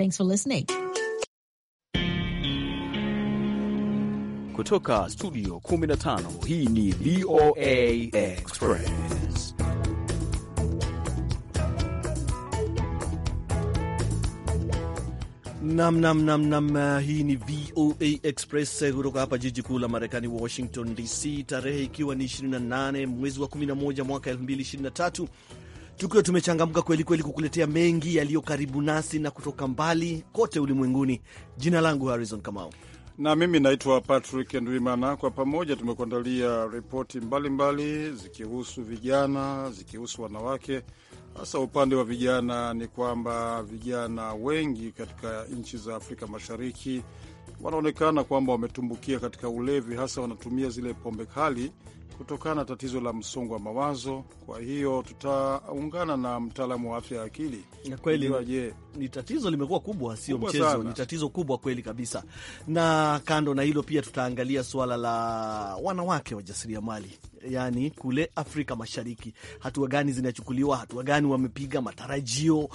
Thanks for listening. Kutoka studio 15 hii ni VOA Express. Nam, nam, nam, nam. Uh, hii ni VOA Express uh, kutoka hapa jiji kuu la Marekani, Washington DC, tarehe ikiwa ni 28 mwezi wa 11 mwaka 2023 tukiwa tumechangamka kweli kweli kukuletea mengi yaliyo karibu nasi na kutoka mbali kote ulimwenguni. Jina langu Harrison Kamau na mimi naitwa Patrick Ndwimana. Kwa pamoja tumekuandalia ripoti mbalimbali zikihusu vijana, zikihusu wanawake. Hasa upande wa vijana ni kwamba vijana wengi katika nchi za Afrika Mashariki wanaonekana kwamba wametumbukia katika ulevi, hasa wanatumia zile pombe kali kutokana na tatizo la msongo wa mawazo. Kwa hiyo tutaungana na mtaalamu wa afya ya akili. Kweli je, ni tatizo limekuwa kubwa, sio mchezo, ni tatizo kubwa kweli kabisa. Na kando na hilo, pia tutaangalia suala la wanawake wajasiriamali yaani kule Afrika Mashariki, hatua gani zinachukuliwa? Hatua gani wamepiga? Matarajio uh,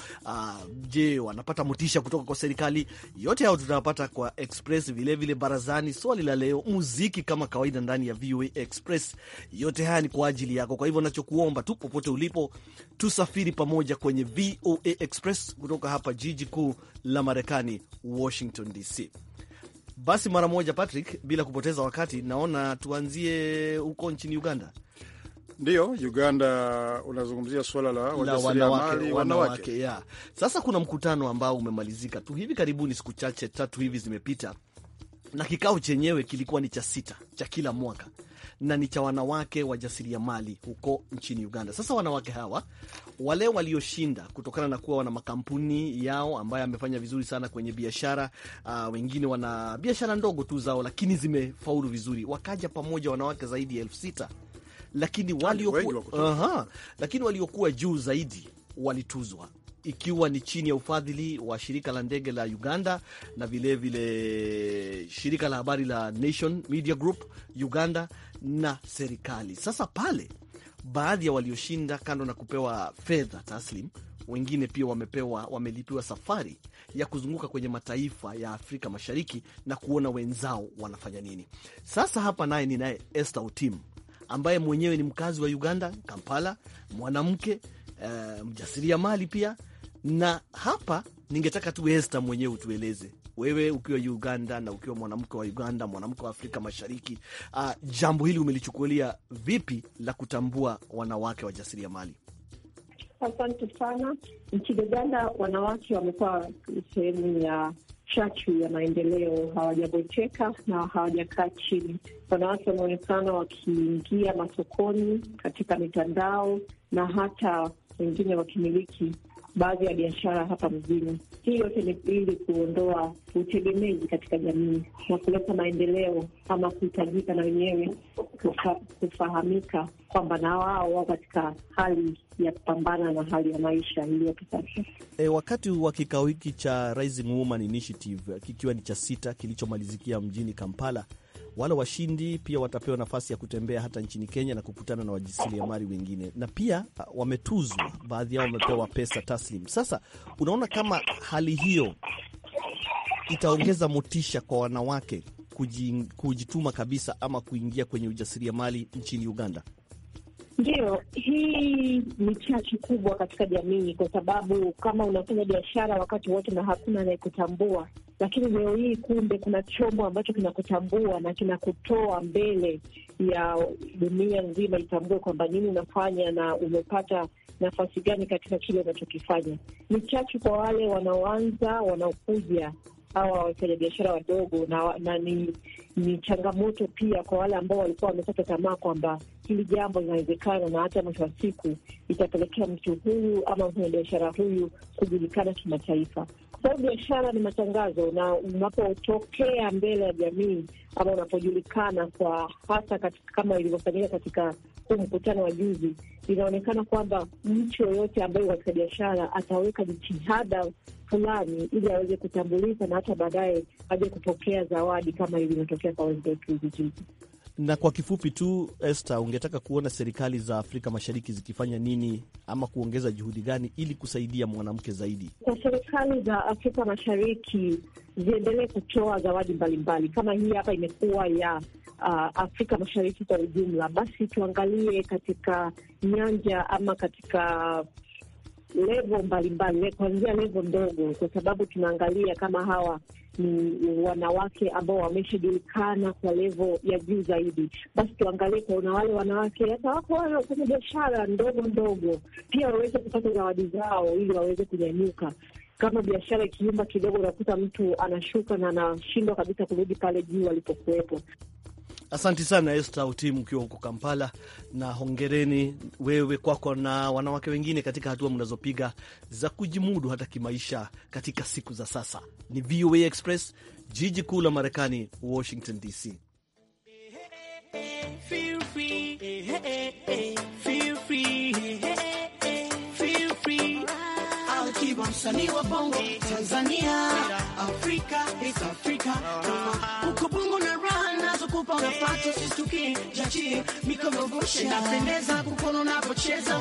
je, wanapata motisha kutoka kwa serikali? Yote hayo tutapata kwa Express, vilevile vile barazani, swali la leo, muziki kama kawaida ndani ya VOA Express, yote haya ni kwa ajili yako. Kwa hivyo nachokuomba tu, popote ulipo, tusafiri pamoja kwenye VOA Express kutoka hapa jiji kuu la Marekani, Washington DC. Basi mara moja, Patrick, bila kupoteza wakati, naona tuanzie huko nchini Uganda. Ndiyo, Uganda unazungumzia suala la wanawake, wanawake. Yeah. Sasa kuna mkutano ambao umemalizika tu hivi karibuni, siku chache tatu hivi zimepita, na kikao chenyewe kilikuwa ni cha sita cha kila mwaka na ni cha wanawake wajasiriamali huko nchini Uganda. Sasa wanawake hawa wale walioshinda kutokana na kuwa wana makampuni yao ambayo amefanya vizuri sana kwenye biashara uh, wengine wana biashara ndogo tu zao, lakini zimefaulu vizuri, wakaja pamoja wanawake zaidi ya elfu sita lakini waliokuwa uh-huh, lakini waliokuwa juu zaidi walituzwa ikiwa ni chini ya ufadhili wa shirika la ndege la Uganda na vilevile vile shirika la habari la Nation Media Group Uganda na serikali. Sasa pale baadhi ya walioshinda, kando na kupewa fedha taslim, wengine pia wamepewa, wamelipiwa safari ya kuzunguka kwenye mataifa ya Afrika Mashariki na kuona wenzao wanafanya nini. Sasa hapa naye ni naye Esther Otim ambaye mwenyewe ni mkazi wa Uganda, Kampala, mwanamke e, eh, mali pia, na hapa ningetaka tu Esther mwenyewe utueleze wewe ukiwa Uganda na ukiwa mwanamke wa Uganda, mwanamke wa Afrika Mashariki, uh, jambo hili umelichukulia vipi la kutambua wanawake wajasiriamali? Asante sana. Nchini Uganda wanawake wamekuwa sehemu ya chachu ya maendeleo, hawajabweteka na hawajakaa chini. Wanawake wanaonekana wakiingia masokoni, katika mitandao na hata wengine wakimiliki baadhi ya biashara hapa mjini. Hii yote ni ili kuondoa utegemezi katika jamii na kuleta maendeleo ama kuhitajika na wenyewe kufa, kufahamika kwamba na wao wao katika hali ya kupambana na hali ya maisha iliyopo sasa. E, wakati wa kikao hiki cha Rising Woman Initiative kikiwa ni cha sita kilichomalizikia mjini Kampala wale washindi pia watapewa nafasi ya kutembea hata nchini Kenya na kukutana na wajasiriamali wengine, na pia uh, wametuzwa, baadhi yao wamepewa pesa taslim. Sasa unaona kama hali hiyo itaongeza motisha kwa wanawake kujituma kabisa ama kuingia kwenye ujasiriamali nchini Uganda? ndio hii ni chachu kubwa katika jamii, kwa sababu kama unafanya biashara wakati wote na hakuna anayekutambua, lakini leo hii kumbe kuna chombo ambacho kinakutambua na kinakutoa mbele ya dunia nzima itambue kwamba nini unafanya na umepata nafasi gani katika kile unachokifanya. Ni chachu kwa wale wanaoanza, wanaokuja hawa wafanyabiashara wadogo na, na ni, ni changamoto pia kwa wale ambao walikuwa wamekata tamaa kwamba hili jambo linawezekana, na hata mwisho wa siku itapelekea mtu huyu ama mfanyabiashara huyu kujulikana kimataifa, kwa sababu biashara ni matangazo, na unapotokea mbele ya jamii ama unapojulikana kwa hasa katika, kama ilivyofanyika katika huu mkutano wa juzi, inaonekana kwamba mtu yoyote ambaye katika biashara ataweka jitihada fulani ili aweze kutambulika na hata baadaye aje kupokea zawadi kama ilivyotokea kwa wenzetu vijiji. Na kwa kifupi tu, Esther, ungetaka kuona serikali za Afrika Mashariki zikifanya nini ama kuongeza juhudi gani ili kusaidia mwanamke zaidi? Kwa serikali za Afrika Mashariki ziendelee kutoa zawadi mbalimbali kama hii hapa imekuwa ya uh, Afrika Mashariki kwa ujumla, basi tuangalie katika nyanja ama katika levo mbalimbali, kuanzia levo ndogo, kwa sababu tunaangalia kama hawa ni wanawake ambao wameshajulikana kwa levo ya juu zaidi, basi tuangalie kuna wale wanawake hata wako wanafanya biashara ndogo ndogo, pia waweze kupata zawadi zao ili waweze kunyanyuka. Kama biashara ikiumba kidogo, unakuta mtu anashuka na anashindwa kabisa kurudi pale juu alipokuwepo. Asanti sana Esta Utim ukiwa huko Kampala, na hongereni wewe kwako na wanawake wengine katika hatua mnazopiga za kujimudu hata kimaisha katika siku za sasa. Ni VOA Express, jiji kuu la Marekani, Washington DC. Msanii wa bongo Tanzania, Afrika, East Africa, huko bongo na kupanga pato sistukie jachie mikorogoshe napendeza kukono napocheza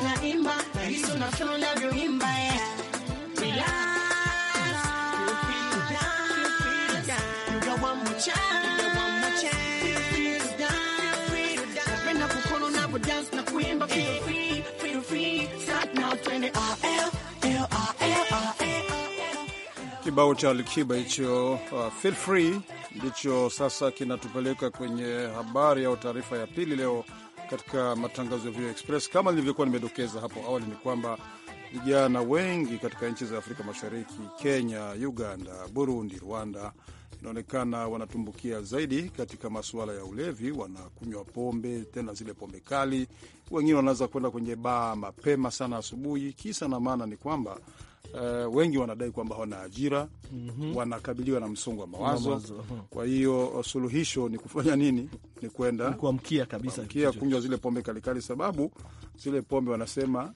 yeah. Kibao cha Alikiba hicho, uh, feel free ndicho sasa kinatupeleka kwenye habari au taarifa ya pili leo katika matangazo ya Vio Express. Kama nilivyokuwa nimedokeza hapo awali, ni kwamba vijana wengi katika nchi za Afrika Mashariki, Kenya, Uganda, Burundi, Rwanda, inaonekana wanatumbukia zaidi katika masuala ya ulevi. Wanakunywa pombe, tena zile pombe kali. Wengine wanaweza kwenda kwenye baa mapema sana asubuhi. Kisa na maana ni kwamba Uh, wengi wanadai kwamba hawana ajira mm -hmm. wanakabiliwa na msongo wa mawazo, mawazo. Kwa hiyo oh, suluhisho ni kufanya nini? Ni kwenda kuamkia kabisa, kunywa zile pombe kalikali, sababu zile pombe wanasema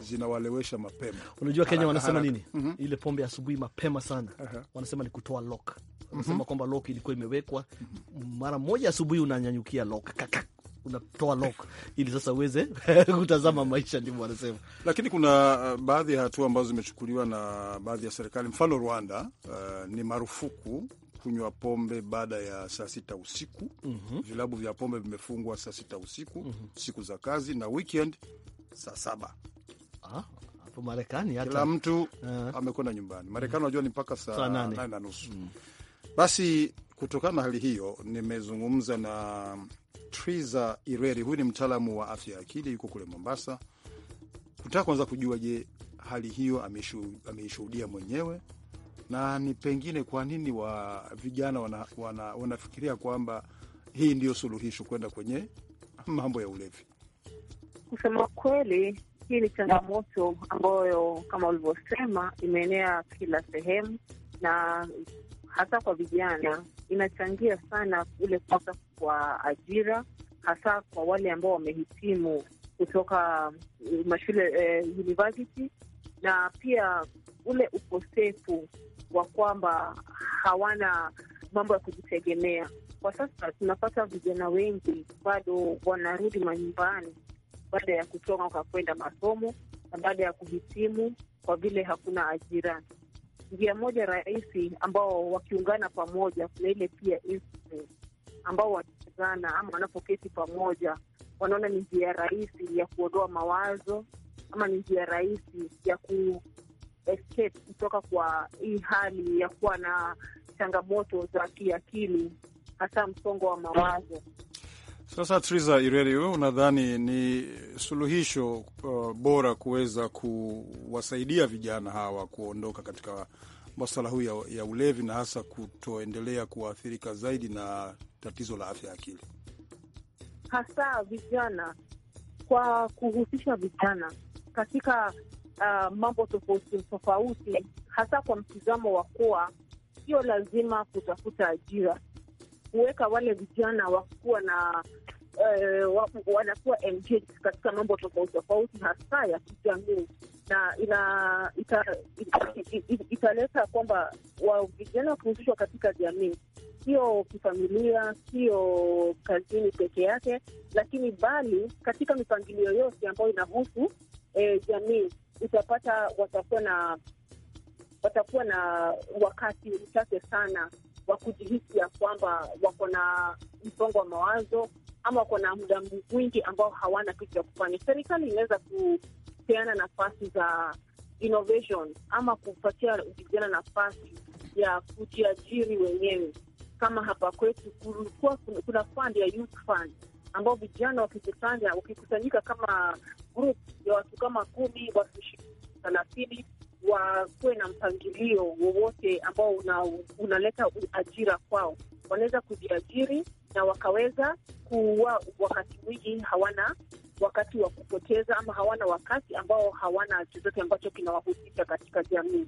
zinawalewesha mapema. Unajua Kenya wanasema nini? mm -hmm. ile pombe asubuhi mapema sana uh -huh. wanasema ni kutoa lock, mhm. wanasema mm -hmm. kwamba lock ilikuwa imewekwa mhm. mara moja asubuhi, unanyanyukia lock kaka unatoa lock ili sasa uweze kutazama maisha, ndivyo wanasema. Lakini kuna uh, baadhi ya hatua ambazo zimechukuliwa na baadhi ya serikali, mfano Rwanda, uh, ni marufuku kunywa pombe baada ya saa sita usiku. mm -hmm. Vilabu vya pombe vimefungwa saa sita usiku mm -hmm. siku za kazi na weekend saa saba ah, Marekani hata kila mtu uh, amekwenda nyumbani. Mm. Marekani unajua ni mpaka saa nane na nusu. Mm. Basi kutokana na hali hiyo, nimezungumza na triza Ireri, huyu ni mtaalamu wa afya ya akili, yuko kule Mombasa, kutaka kwanza kujua, je, hali hiyo ameishuhudia mwenyewe na ni pengine kwa nini wa vijana wana, wana, wanafikiria kwamba hii ndiyo suluhisho kwenda kwenye mambo ya ulevi. Kusema kweli, hii ni changamoto ambayo kama ulivyosema imeenea kila sehemu, na hasa kwa vijana inachangia sana ule kukosa kwa ajira, hasa kwa wale ambao wamehitimu kutoka eh, mashule eh, university, na pia ule ukosefu wa kwamba hawana mambo ya kujitegemea. Kwa sasa tunapata vijana wengi bado wanarudi manyumbani baada ya kutoka kwa kwenda masomo na baada ya kuhitimu, kwa vile hakuna ajira njia moja rahisi ambao wakiungana pamoja, kuna ile pia ambao wakichezana ama wanapoketi pamoja, wanaona ni njia rahisi ya kuondoa mawazo ama ni njia rahisi ya ku escape kutoka kwa hii hali ya kuwa na changamoto za kiakili, hasa msongo wa mawazo. Sasa Triza Ireri, unadhani ni suluhisho uh, bora kuweza kuwasaidia vijana hawa kuondoka katika maswala huu ya, ya ulevi na hasa kutoendelea kuathirika zaidi na tatizo la afya ya akili, hasa vijana, kwa kuhusisha vijana katika uh, mambo tofauti tofauti, hasa kwa mtizamo wa kuwa sio lazima kutafuta ajira kuweka wale vijana wakuwa na uh, wanakuwa engaged katika mambo tofauti tofauti hasa ya kijamii na ina italeta ita, ita, ita kwamba wa vijana kuhusishwa katika jamii, sio kifamilia, sio kazini peke yake, lakini bali katika mipangilio yote ambayo inahusu eh, jamii, utapata watakuwa na watakuwa na wakati mchache sana wa kujihisi ya kwamba wako na msongo wa mawazo ama wako na muda mwingi ambao hawana kitu ya kufanya. Serikali inaweza kupeana nafasi za innovation ama kupatia vijana nafasi ya kujiajiri wenyewe. Kama hapa kwetu kulikuwa kuna fund ya youth fund ambao vijana wakikusanya wakikusanyika kama group ya watu kama kumi, watu thelathini wakuwe na mpangilio wowote ambao unaleta una ajira kwao, wanaweza kujiajiri na wakaweza kuwa wakati mwingi hawana wakati wa kupoteza ama hawana wakati ambao hawana chochote ambacho kinawahusisha katika jamii.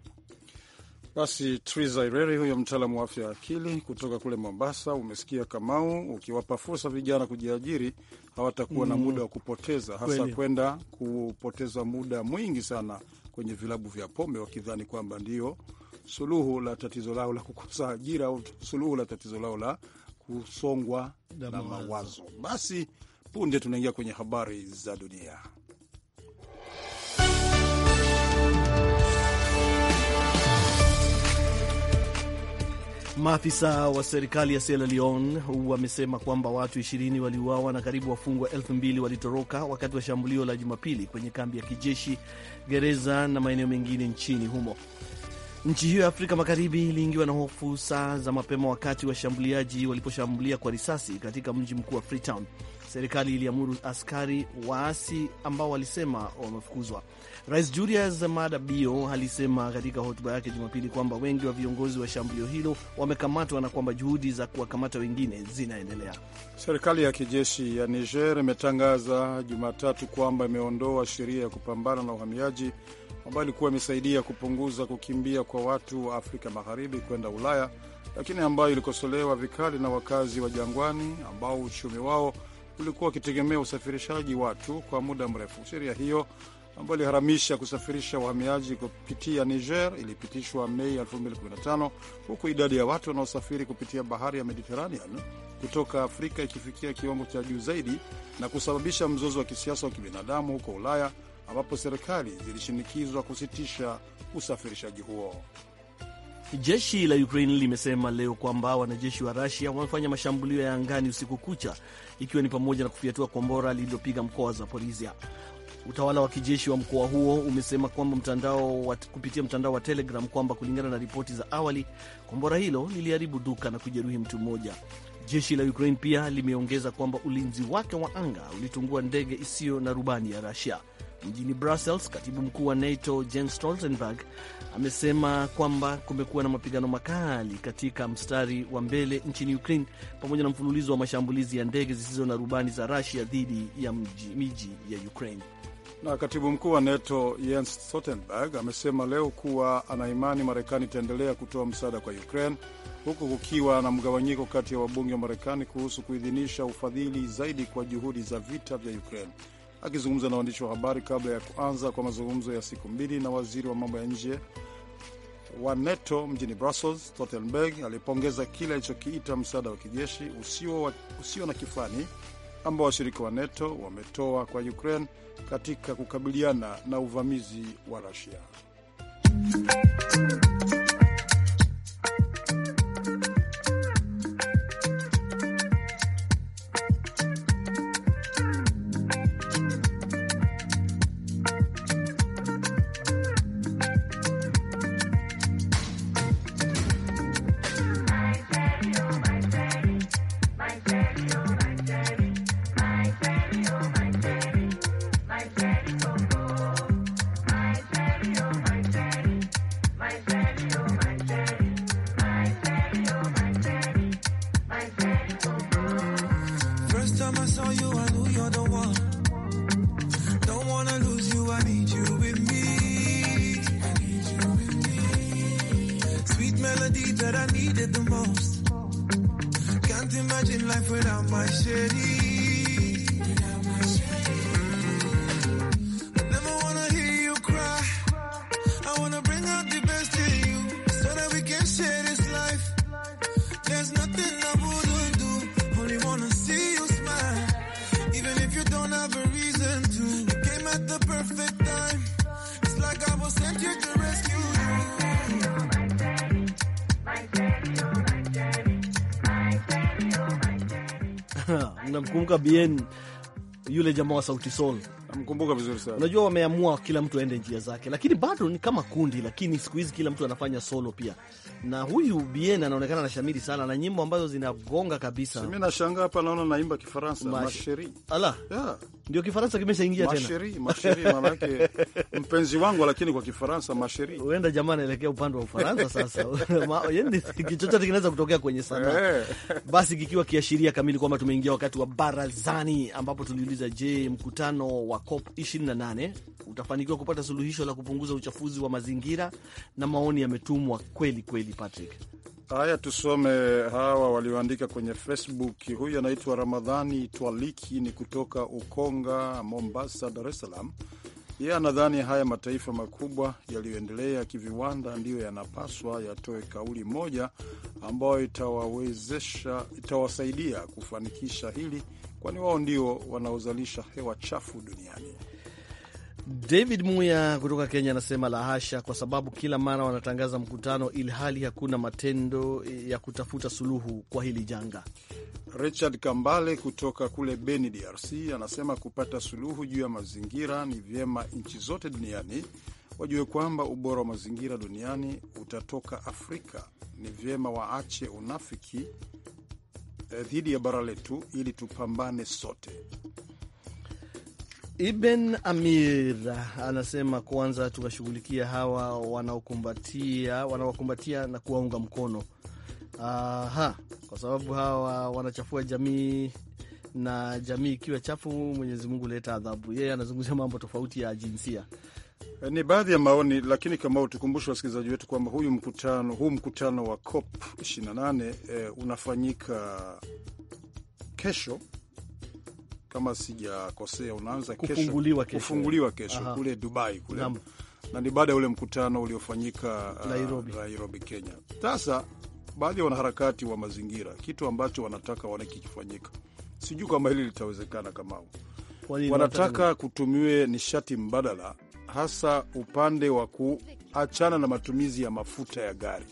Basi Triza Ireri, huyo mtaalamu wa afya ya akili kutoka kule Mombasa. Umesikia Kamau, ukiwapa fursa vijana kujiajiri hawatakuwa mm, na muda wa kupoteza, hasa kwenda kupoteza muda mwingi sana kwenye vilabu vya pombe wakidhani kwamba ndio suluhu la tatizo lao la kukosa ajira au suluhu la tatizo lao la kusongwa na mawazo. Basi punde tunaingia kwenye habari za dunia. Maafisa wa serikali ya Sierra Leone wamesema kwamba watu 20 waliuawa na karibu wafungwa 2000 walitoroka wakati wa shambulio la Jumapili kwenye kambi ya kijeshi, gereza na maeneo mengine nchini humo. Nchi hiyo ya Afrika Magharibi iliingiwa na hofu saa za mapema wakati washambuliaji waliposhambulia kwa risasi katika mji mkuu wa Freetown serikali iliamuru askari waasi ambao walisema wamefukuzwa. Rais Julius Maada Bio alisema katika hotuba yake Jumapili kwamba wengi wa viongozi wa shambulio hilo wamekamatwa na kwamba juhudi za kuwakamata wengine zinaendelea. Serikali ya kijeshi ya Niger imetangaza Jumatatu kwamba imeondoa sheria ya kupambana na uhamiaji ambayo ilikuwa imesaidia kupunguza kukimbia kwa watu wa Afrika Magharibi kwenda Ulaya, lakini ambayo ilikosolewa vikali na wakazi wa jangwani ambao uchumi wao ulikuwa ukitegemea usafirishaji watu kwa muda mrefu. Sheria hiyo ambayo iliharamisha kusafirisha wahamiaji kupitia Niger ilipitishwa Mei 2015 huku idadi ya watu wanaosafiri kupitia bahari ya Mediterranean kutoka Afrika ikifikia kiwango cha juu zaidi na kusababisha mzozo wa kisiasa wa kibinadamu huko Ulaya ambapo serikali zilishinikizwa kusitisha usafirishaji huo. Jeshi la Ukraine limesema leo kwamba wanajeshi wa Rusia wamefanya mashambulio ya angani usiku kucha ikiwa ni pamoja na kufiatua kombora lililopiga mkoa wa Zaporizia. Utawala wa kijeshi wa mkoa huo umesema kwamba mtandao wa, kupitia mtandao wa Telegram kwamba kulingana na ripoti za awali kombora hilo liliharibu duka na kujeruhi mtu mmoja. Jeshi la Ukraine pia limeongeza kwamba ulinzi wake wa anga ulitungua ndege isiyo na rubani ya Rusia. Mjini Brussels, katibu mkuu wa NATO Jens Stoltenberg amesema kwamba kumekuwa na mapigano makali katika mstari wa mbele nchini Ukraine pamoja na mfululizo wa mashambulizi ya ndege zisizo na rubani za rasia dhidi ya mji, miji ya Ukraine. Na katibu mkuu wa NATO Jens Stoltenberg amesema leo kuwa anaimani Marekani itaendelea kutoa msaada kwa Ukraine huku kukiwa na mgawanyiko kati ya wabunge wa Marekani kuhusu kuidhinisha ufadhili zaidi kwa juhudi za vita vya Ukraine akizungumza na waandishi wa habari kabla ya kuanza kwa mazungumzo ya siku mbili na waziri wa mambo ya nje wa NATO mjini Brussels, Stoltenberg alipongeza kile alichokiita msaada wa kijeshi usio, wa, usio na kifani ambao washirika wa NATO wametoa kwa Ukraine katika kukabiliana na uvamizi wa Rusia. namkumbuka bn yule jamaa wa Sauti Sol, namkumbuka vizuri sana. Unajua wameamua kila mtu aende njia zake, lakini bado ni kama kundi, lakini siku hizi kila mtu anafanya solo pia, na huyu bn anaonekana na shamiri sana na nyimbo ambazo zinagonga kabisa. Mimi nashangaa hapa, naona naimba Kifaransa, masheri ala yeah ndio Kifaransa kimeshaingia tena masheri, masheri manake mpenzi wangu, lakini kwa Kifaransa masheri, huenda jamaa anaelekea upande wa Ufaransa sasa kichochote kinaweza kutokea kwenye sanaa. Eh. Basi kikiwa kiashiria kamili kwamba tumeingia wakati wa barazani, ambapo tuliuliza, je, mkutano wa COP 28 utafanikiwa kupata suluhisho la kupunguza uchafuzi wa mazingira? Na maoni yametumwa kweli kweli, Patrick. Haya, tusome hawa walioandika kwenye Facebook. Huyu anaitwa Ramadhani Twaliki, ni kutoka Ukonga, Mombasa, Dar es Salaam. Yeye anadhani haya mataifa makubwa yaliyoendelea kiviwanda ndiyo yanapaswa yatoe kauli moja ambayo itawawezesha, itawasaidia kufanikisha hili, kwani wao ndio wanaozalisha hewa chafu duniani. David Muya kutoka Kenya anasema la hasha, kwa sababu kila mara wanatangaza mkutano ili hali hakuna matendo ya kutafuta suluhu kwa hili janga. Richard Kambale kutoka kule Beni, DRC anasema kupata suluhu juu ya mazingira ni vyema nchi zote duniani wajue kwamba ubora wa mazingira duniani utatoka Afrika. Ni vyema waache unafiki eh, dhidi ya bara letu ili tupambane sote. Ibn Amir anasema kwanza tuwashughulikia hawa wanaokumbatia wanaokumbatia na kuwaunga mkono. Aha, kwa sababu hawa wanachafua jamii na jamii ikiwa chafu, Mwenyezi Mungu leta adhabu. Yeye anazungumzia mambo tofauti ya jinsia ni baadhi ya maoni, lakini kama tukumbushe wasikilizaji wetu kwamba huyu mkutano huu mkutano wa COP 28 eh, unafanyika kesho kama sijakosea, unaanza kufunguliwa kesho, kufunguliwa kesho kule Dubai kule Namu. na ni baada ya ule mkutano uliofanyika uh, Nairobi. Kenya. Sasa baadhi ya wanaharakati wa mazingira kitu ambacho wanataka wanakikifanyika, sijui kama hili litawezekana. Kama wanataka kutumiwe nishati mbadala, hasa upande wa kuachana na matumizi ya mafuta ya gari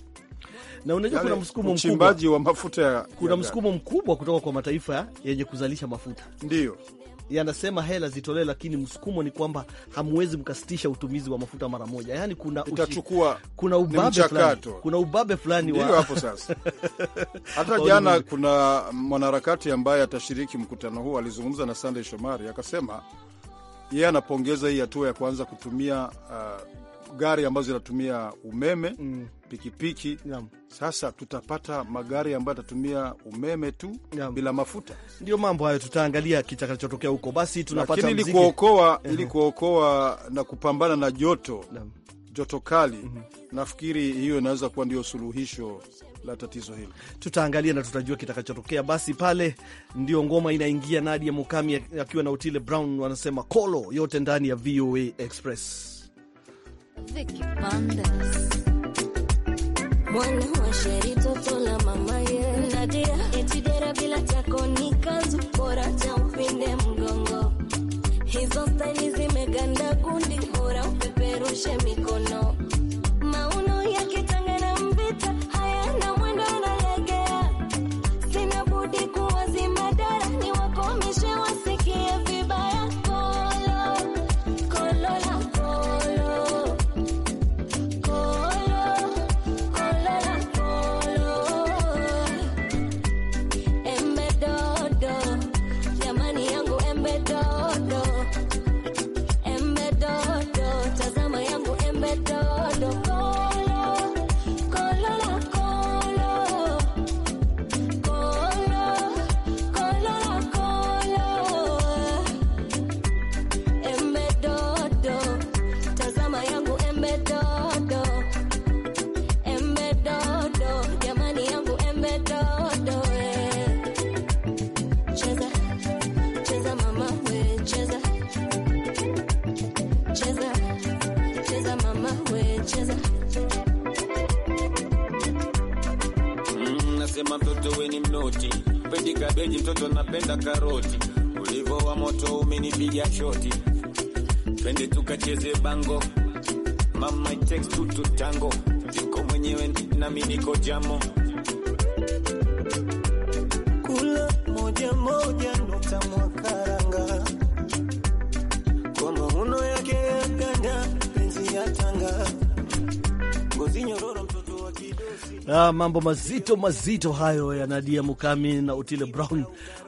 na unajua kuna yaani, msukumo mkubwa, wa mafuta ya, kuna msukumo mkubwa kutoka kwa mataifa yenye kuzalisha mafuta ndio yanasema hela zitolewe, lakini msukumo ni kwamba hamwezi mkasitisha utumizi wa mafuta mara moja. Yani kuna itachukua, kuna ubabe fulani, kuna ubabe fulani wa hapo sasa. Hata jana kuna mwanaharakati ambaye atashiriki mkutano huu alizungumza na Sunday Shomari akasema yeye anapongeza hii hatua ya kuanza kutumia uh, gari ambazo zinatumia umeme mm. pikipiki yeah. Sasa tutapata magari ambayo yatatumia umeme tu yeah. bila mafuta. Ndio mambo hayo, tutaangalia kitakachotokea huko. Basi tunapata ili kuokoa uh -huh. ili kuokoa na kupambana na joto yeah. joto kali mm -hmm. nafikiri hiyo inaweza kuwa ndio suluhisho la tatizo hili. Tutaangalia na tutajua kitakachotokea. Basi pale ndio ngoma inaingia, Nadia Mukami akiwa na Utile Brown wanasema kolo yote ndani ya VOA Express mwana wa sheri toto la mama ye Nadia etidera bila chako ni kazu bora cha upinde mgongo hizo staili zimeganda kundi bora upeperushe mikono kucheza mm, nasema mtoto weni mnoti pendi kabeji mtoto napenda karoti ulivo wa moto umenipiga shoti twende tukacheze bango mama takes two to tango niko mwenyewe nami niko jamo kula moja moja nota mwaka Ah, mambo mazito mazito hayo ya Nadia Mukami na Otile Brown.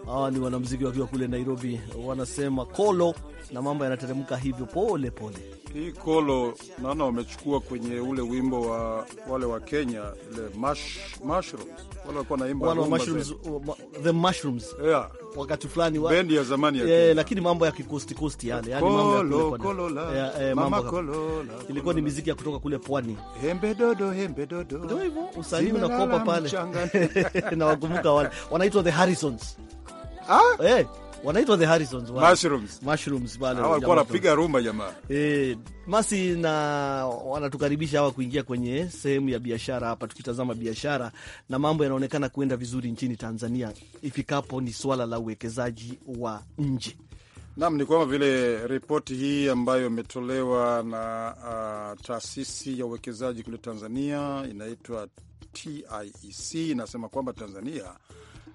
Hawa ah, ni wanamuziki wakiwa kule Nairobi, wanasema kolo na mambo yanateremka hivyo pole pole hii kolo naona wamechukua kwenye ule wimbo wa wale wa Kenya ile mash, mushrooms wale walikuwa naimba wale wa mushrooms, the mushrooms yeah, wakati fulani wa bendi ya zamani ya eh, Kenya, lakini mambo ya kikosti kosti yale, yani mambo ya kule kolo la eh, mama kolo la ilikuwa ni muziki ya kutoka kule pwani, hembe dodo hembe dodo, ndio hivyo usanii unakopa pale na wakumbuka wale wanaitwa the Harrisons ah eh hey wanaitwa the Harrisons wale. Mushrooms. Mushrooms wale. Hawa walikuwa wanapiga rumba jamaa. Eh, basi na wanatukaribisha hawa kuingia kwenye sehemu ya biashara hapa tukitazama biashara na mambo yanaonekana kuenda vizuri nchini Tanzania ifikapo ni swala la uwekezaji wa nje. Naam, ni kwama vile ripoti hii ambayo imetolewa na uh, taasisi ya uwekezaji kule Tanzania inaitwa TIEC inasema kwamba Tanzania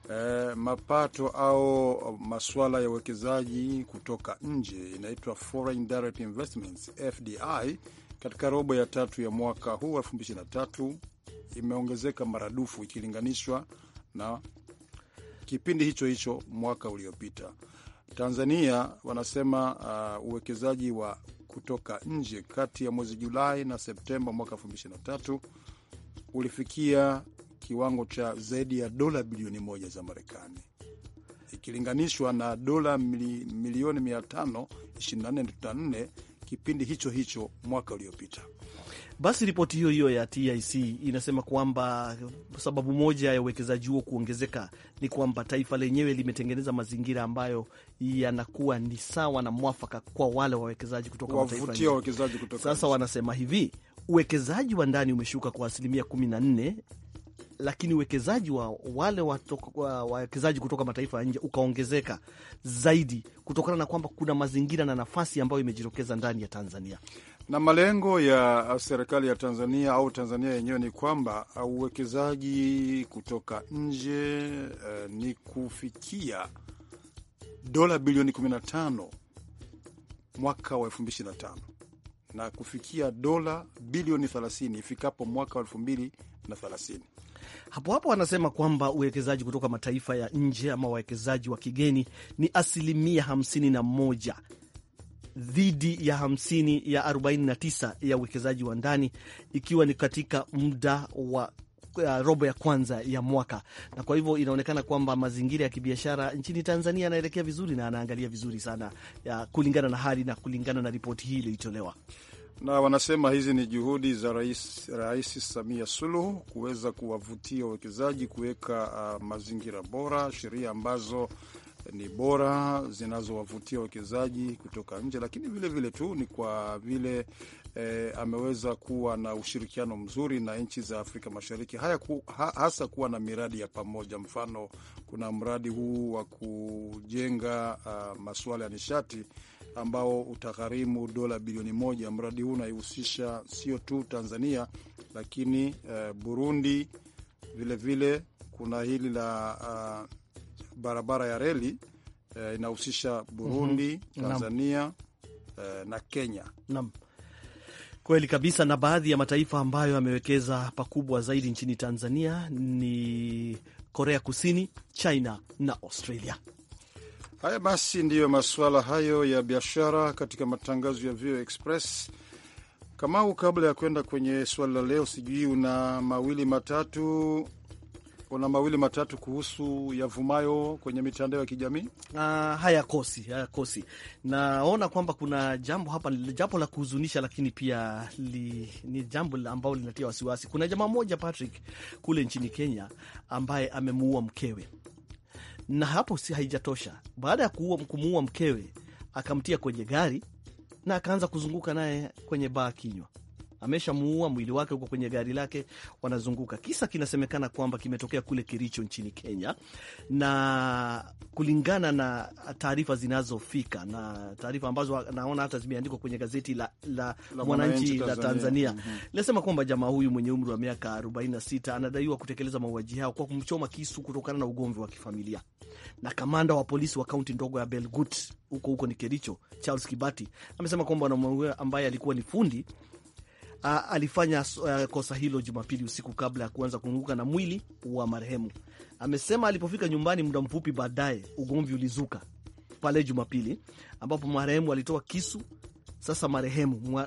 eh, mapato au masuala ya uwekezaji kutoka nje inaitwa Foreign Direct Investments FDI katika robo ya tatu ya mwaka huu tatu imeongezeka maradufu ikilinganishwa na kipindi hicho hicho mwaka uliopita. Tanzania wanasema uh, uwekezaji wa kutoka nje kati ya mwezi Julai na Septemba mwaka tatu ulifikia kiwango cha zaidi ya dola bilioni moja za Marekani ikilinganishwa na dola milioni 524.4 kipindi hicho hicho mwaka uliopita. Basi ripoti hiyo hiyo ya TIC inasema kwamba sababu moja ya uwekezaji huo kuongezeka ni kwamba taifa lenyewe limetengeneza mazingira ambayo yanakuwa ni sawa na mwafaka kwa wale wawekezaji kutoka mataifa wawekezaji kutoka. Sasa wanasema hivi, uwekezaji wa ndani umeshuka kwa asilimia 14 lakini uwekezaji wa wale wawekezaji kutoka mataifa ya nje ukaongezeka zaidi kutokana na kwamba kuna mazingira na nafasi ambayo imejitokeza ndani ya Tanzania na malengo ya serikali ya Tanzania au Tanzania yenyewe ni kwamba uwekezaji kutoka nje uh, ni kufikia dola bilioni 15 mwaka wa 2025 na kufikia dola bilioni 30 ifikapo mwaka wa 2030. Hapo hapo wanasema kwamba uwekezaji kutoka mataifa ya nje ama wawekezaji wa kigeni ni asilimia moja dhidi ya hamsini ya tisa ya uwekezaji wa ndani, ikiwa ni katika muda wa ya uh, robo ya kwanza ya mwaka, na kwa hivyo inaonekana kwamba mazingira ya kibiashara nchini Tanzania yanaelekea vizuri na anaangalia vizuri sana ya kulingana na hali na kulingana na ripoti hii iliyotolewa na wanasema hizi ni juhudi za Rais, Rais Samia Suluhu kuweza kuwavutia wawekezaji kuweka uh, mazingira bora, sheria ambazo ni bora zinazowavutia wawekezaji kutoka nje, lakini vilevile vile tu ni kwa vile eh, ameweza kuwa na ushirikiano mzuri na nchi za Afrika Mashariki haya ku, ha, hasa kuwa na miradi ya pamoja. Mfano, kuna mradi huu wa kujenga uh, masuala ya nishati ambao utagharimu dola bilioni moja. Mradi huu unaihusisha sio tu Tanzania lakini uh, Burundi vilevile vile, kuna hili la uh, barabara ya reli uh, inahusisha Burundi mm -hmm. Tanzania uh, na Kenya Nam. Kweli kabisa, na baadhi ya mataifa ambayo yamewekeza pakubwa zaidi nchini Tanzania ni Korea Kusini, China na Australia. Haya basi, ndiyo masuala hayo ya biashara katika matangazo ya VOA Express. Kamau, kabla ya kwenda kwenye swali la leo, sijui una mawili matatu una mawili matatu kuhusu yavumayo kwenye mitandao ya kijamii. Uh, hayakosi hayakosi. Naona kwamba kuna jambo hapa, jambo la kuhuzunisha, lakini pia li, ni jambo ambalo linatia wasiwasi. Kuna jamaa mmoja Patrick, kule nchini Kenya, ambaye amemuua mkewe na hapo si haijatosha, baada ya kumuua mkewe akamtia kwenye gari na akaanza kuzunguka naye kwenye baa kinywa ameshamuua, mwili wake huko kwenye gari lake, wanazunguka. Kisa kinasemekana kwamba kimetokea kule Kericho nchini Kenya, na kulingana na taarifa zinazofika na taarifa ambazo naona hata zimeandikwa kwenye gazeti la, la, la Mwananchi la Tanzania linasema mhm. kwamba jamaa huyu mwenye umri wa miaka 46 anadaiwa kutekeleza mauaji hayo kwa kumchoma kisu kutokana na ugomvi wa kifamilia. Na kamanda wa polisi wa kaunti ndogo ya Belgut huko huko ni Kericho, Charles Kibati amesema kwamba mwanaume ambaye alikuwa ni fundi Uh, alifanya uh, kosa hilo Jumapili usiku kabla ya kuanza kuunguka na mwili wa marehemu. Amesema alipofika nyumbani muda mfupi baadaye ugomvi ulizuka pale Jumapili ambapo marehemu alitoa kisu. Sasa marehemu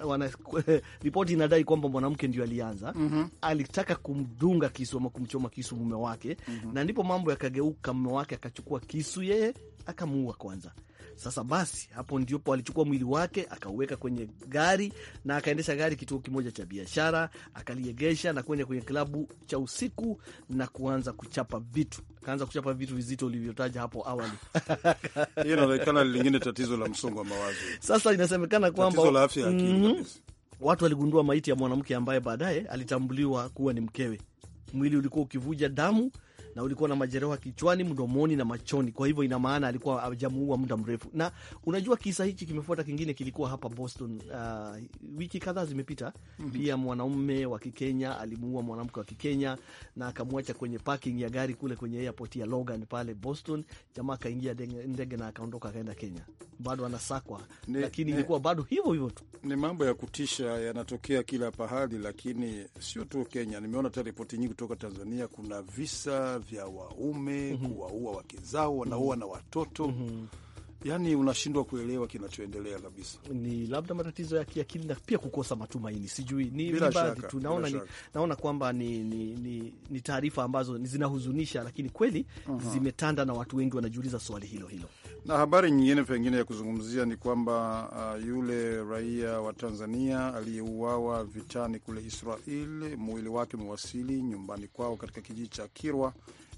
ripoti inadai kwamba mwanamke ndio alianza mm -hmm. Alitaka kumdunga kisu ama kumchoma kisu mume wake mm -hmm. Na ndipo mambo yakageuka, mume wake akachukua kisu yeye akamuua kwanza sasa basi, hapo ndipo alichukua mwili wake akauweka kwenye gari na akaendesha gari kituo kimoja cha biashara, akaliegesha na kwenda kwenye klabu cha usiku na kuanza kuchapa vitu. Akaanza kuchapa vitu vizito ulivyotaja hapo awali. Hiyo inaonekana lingine tatizo la msongo wa mawazo. Sasa inasemekana kwamba tatizo la afya mhm. watu waligundua maiti ya mwanamke ambaye baadaye alitambuliwa kuwa ni mkewe. Mwili ulikuwa ukivuja damu na ulikuwa na majeraha kichwani, mdomoni na machoni. Kwa hivyo ina maana alikuwa hajamuua muda mrefu. Na unajua kisa hichi kimefuata kingine, kilikuwa hapa Boston uh, wiki kadhaa zimepita mm -hmm. Pia mwanaume wa Kikenya alimuua mwanamke wa Kikenya na akamwacha kwenye parking ya gari kule kwenye airport ya Logan pale Boston. Jamaa akaingia ndege na akaondoka akaenda Kenya, bado anasakwa ne, lakini ilikuwa bado hivyo hivyo tu. Ni mambo ya kutisha yanatokea kila pahali, lakini sio tu Kenya. Nimeona hata ripoti nyingi kutoka Tanzania, kuna visa vya waume mm -hmm. kuwaua wake zao wanaua mm -hmm. na watoto mm -hmm yani unashindwa kuelewa kinachoendelea kabisa. Ni labda matatizo ya kiakili na pia kukosa matumaini, sijui ni baadhi tu. Naona, naona kwamba ni, ni, ni, ni taarifa ambazo zinahuzunisha, lakini kweli uh -huh. zimetanda na watu wengi wanajiuliza swali hilo hilo. Na habari nyingine pengine ya kuzungumzia ni kwamba uh, yule raia wa Tanzania aliyeuawa vitani kule Israel, mwili wake umewasili nyumbani kwao katika kijiji cha Kirwa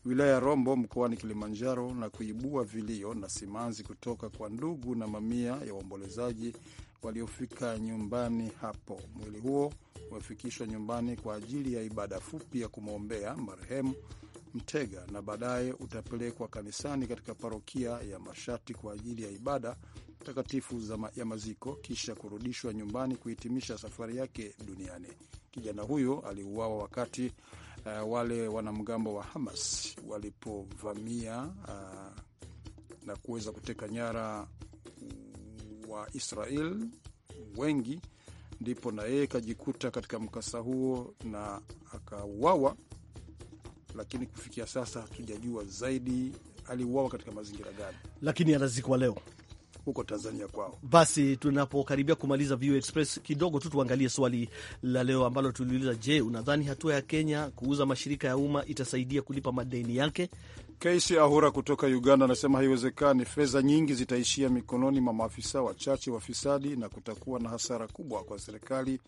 wilaya ya Rombo mkoani Kilimanjaro na kuibua vilio na simanzi kutoka kwa ndugu na mamia ya waombolezaji waliofika nyumbani hapo. Mwili huo umefikishwa nyumbani kwa ajili ya ibada fupi ya kumwombea marehemu Mtega na baadaye utapelekwa kanisani katika parokia ya Mashati kwa ajili ya ibada takatifu ma ya maziko kisha kurudishwa nyumbani kuhitimisha safari yake duniani. Kijana huyo aliuawa wakati uh, wale wanamgambo wa Hamas walipovamia uh, na kuweza kuteka nyara wa Israel wengi, ndipo na yeye kajikuta katika mkasa huo na akauawa, lakini kufikia sasa hatujajua zaidi aliuawa katika mazingira gani, lakini anazikwa leo huko Tanzania kwao. Basi tunapokaribia kumaliza VOA Express, kidogo tu tuangalie swali la leo ambalo tuliuliza: Je, unadhani hatua ya Kenya kuuza mashirika ya umma itasaidia kulipa madeni yake? Keisi Ahura kutoka Uganda anasema haiwezekani, fedha nyingi zitaishia mikononi mwa maafisa wachache wafisadi na kutakuwa na hasara kubwa kwa serikali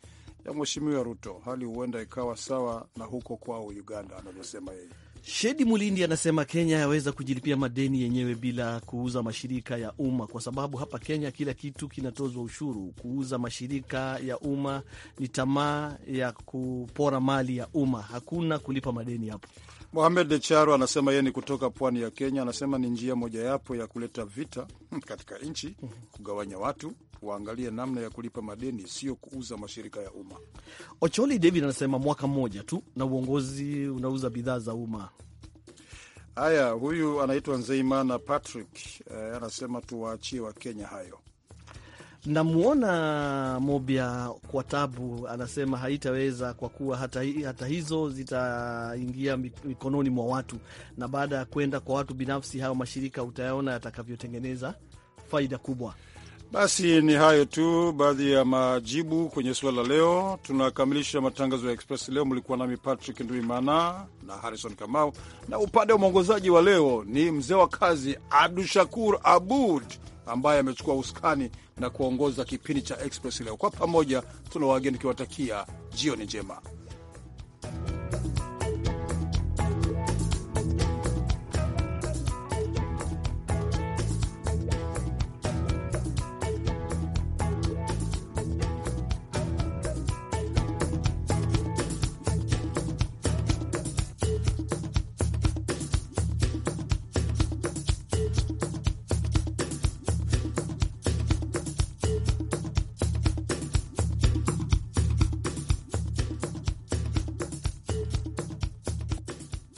ya Mheshimiwa Ruto. Hali huenda ikawa sawa na huko kwao Uganda, anavyosema yeye. Shedi Mulindi anasema Kenya yaweza kujilipia madeni yenyewe bila kuuza mashirika ya umma, kwa sababu hapa Kenya kila kitu kinatozwa ushuru. Kuuza mashirika ya umma ni tamaa ya kupora mali ya umma, hakuna kulipa madeni hapo. Mohamed Decharo anasema yeye ni kutoka pwani ya Kenya, anasema ni njia mojayapo ya kuleta vita katika nchi, kugawanya watu waangalie namna ya kulipa madeni, sio kuuza mashirika ya umma. Ocholi David anasema mwaka mmoja tu na uongozi unauza bidhaa za umma. Haya, huyu anaitwa Nzeimana Patrick eh, anasema tuwaachie Wakenya hayo. Namwona Mobya kwa tabu, anasema haitaweza kwa kuwa hata, hata hizo zitaingia mikononi mwa watu, na baada ya kwenda kwa watu binafsi, hayo mashirika utayaona yatakavyotengeneza faida kubwa. Basi ni hayo tu baadhi ya majibu kwenye suala leo. Tunakamilisha matangazo ya Express leo. Mlikuwa nami Patrick Nduimana na Harrison Kamau, na upande wa mwongozaji wa leo ni mzee wa kazi Abdu Shakur Abud ambaye amechukua usukani na kuongoza kipindi cha Express leo. Kwa pamoja tuna wageni tukiwatakia jioni njema.